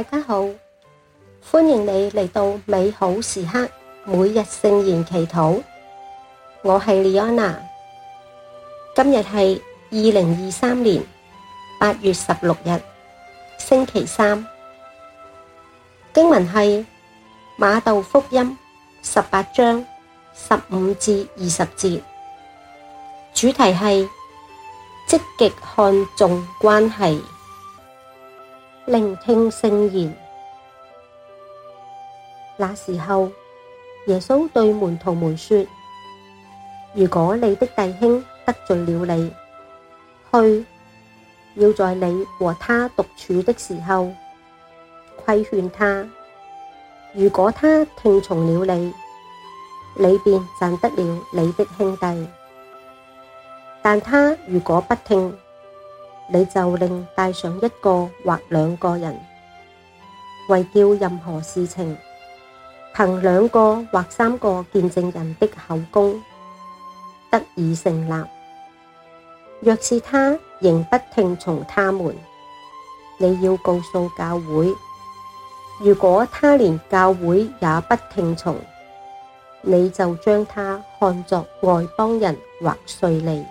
大家好，歡迎你嚟到美好時刻每日聖言祈禱。我係李安娜，今日係二零二三年八月十六日，星期三。經文係瑪竇福音十八章十五至二十節，主題係積極看重關係。聆聽聖言。那時候，耶穌對門徒們說：如果你的弟兄得罪了你，去，要在你和他獨處的時候，規勸他。如果他聽從了你，你便賺得了你的兄弟；但他如果不聽，你就另帶上一個或兩個人，為叫任何事情，憑兩個或三個見證人的口供，得以成立。若是他仍不聽從他們，你要告訴教會。如果他連教會也不聽從，你就將他看作外邦人或稅吏。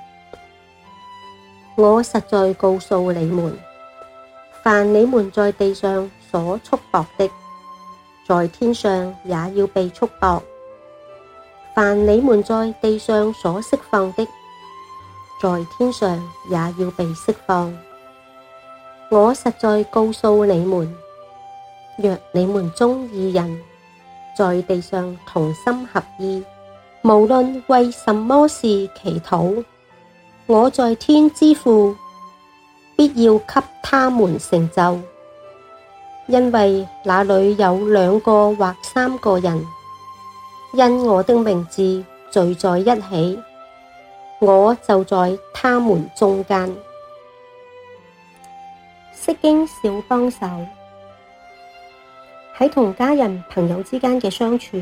我實在告訴你們，凡你們在地上所束縛的，在天上也要被束縛；凡你們在地上所釋放的，在天上也要被釋放。我實在告訴你們，若你們二人在地上同心合意，無論為什麼事祈禱，我在天之父必要給他們成就，因為那裡有兩個或三個人因我的名字聚在一起，我就在他們中間。釋經小幫手，喺同家人朋友之間嘅相處，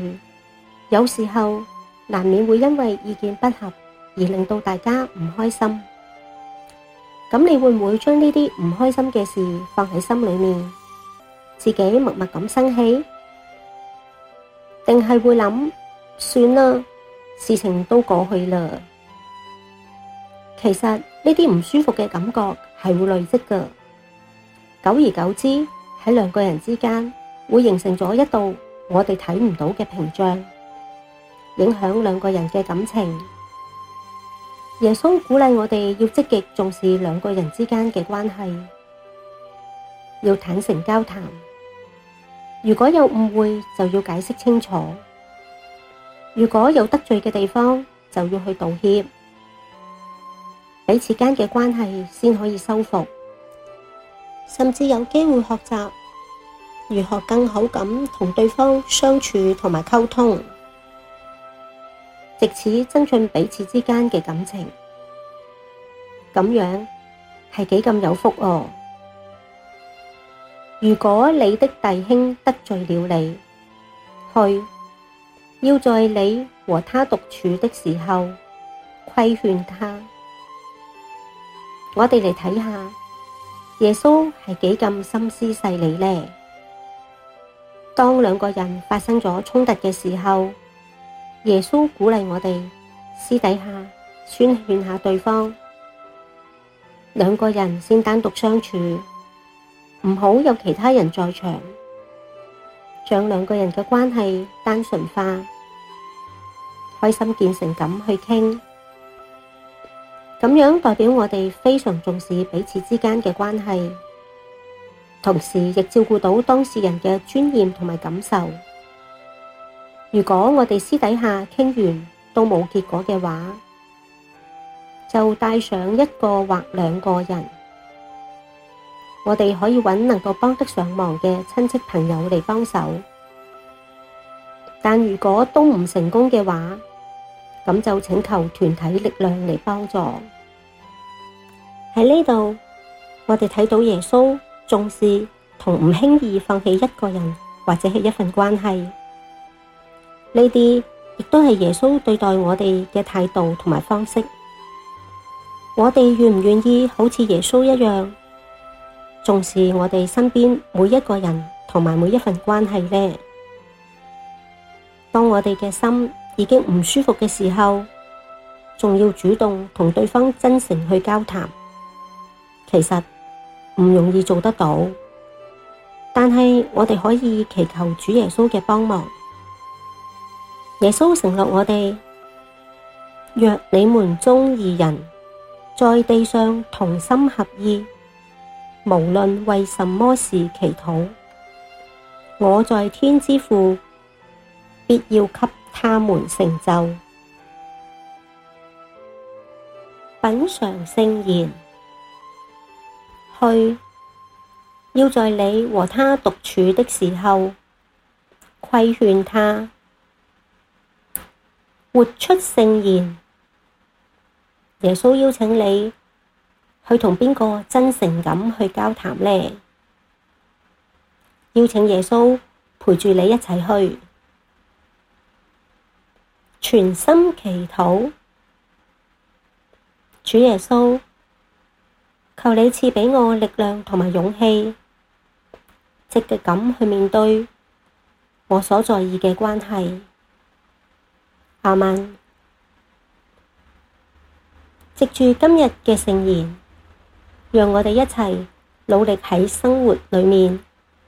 有時候難免會因為意見不合。而令到大家唔開心，咁你會唔會將呢啲唔開心嘅事放喺心裏面，自己默默咁生氣？定係會諗算啦，事情都過去啦。其實呢啲唔舒服嘅感覺係會累積㗎，久而久之喺兩個人之間會形成咗一道我哋睇唔到嘅屏障，影響兩個人嘅感情。耶穌鼓勵我哋要積極重視兩個人之間嘅關係，要坦誠交談。如果有誤會，就要解釋清楚；如果有得罪嘅地方，就要去道歉。彼此間嘅關係先可以修復，甚至有機會學習如何更好咁同對方相處同埋溝通。借此增進彼此之間嘅感情，咁樣係幾咁有福哦、啊！如果你的弟兄得罪了你，去，要在你和他獨處的時候，規勸他。我哋嚟睇下耶穌係幾咁心思細膩呢？當兩個人發生咗衝突嘅時候。耶穌鼓勵我哋私底下規勸下對方，兩個人先單獨相處，唔好有其他人在場，將兩個人嘅關係單純化，開心、見誠咁去傾。咁樣代表我哋非常重視彼此之間嘅關係，同時亦照顧到當事人嘅尊嚴同埋感受。如果我哋私底下傾完都冇結果嘅話，就帶上一個或兩個人，我哋可以揾能夠幫得上忙嘅親戚朋友嚟幫手。但如果都唔成功嘅話，咁就請求團體力量嚟幫助。喺呢度，我哋睇到耶穌重視同唔輕易放棄一個人或者係一份關係。呢啲亦都係耶穌對待我哋嘅態度同埋方式。我哋願唔願意好似耶穌一樣重視我哋身邊每一個人同埋每一份關係呢？當我哋嘅心已經唔舒服嘅時候，仲要主動同對方真誠去交談，其實唔容易做得到。但係我哋可以祈求主耶穌嘅幫忙。耶穌承諾我哋：若你們中二人，在地上同心合意，無論為什麼事祈禱，我在天之父必要給他們成就。品嘗聖言，去，要在你和他獨處的時候規勸他。活出聖言，耶穌邀請你去同邊個真誠咁去交談呢？邀請耶穌陪住你一齊去，全心祈禱，主耶穌，求你賜畀我力量同埋勇氣，積極咁去面對我所在意嘅關係。阿們，藉住今日嘅聖言，讓我哋一齊努力喺生活裏面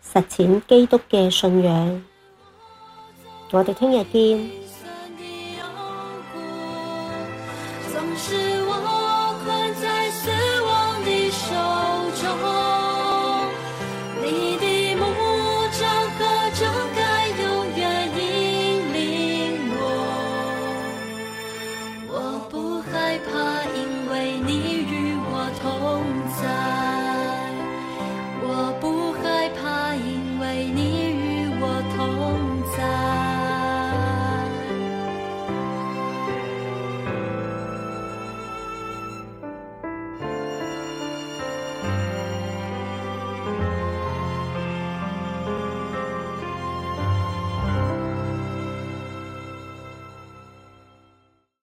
實踐基督嘅信仰。我哋聽日見。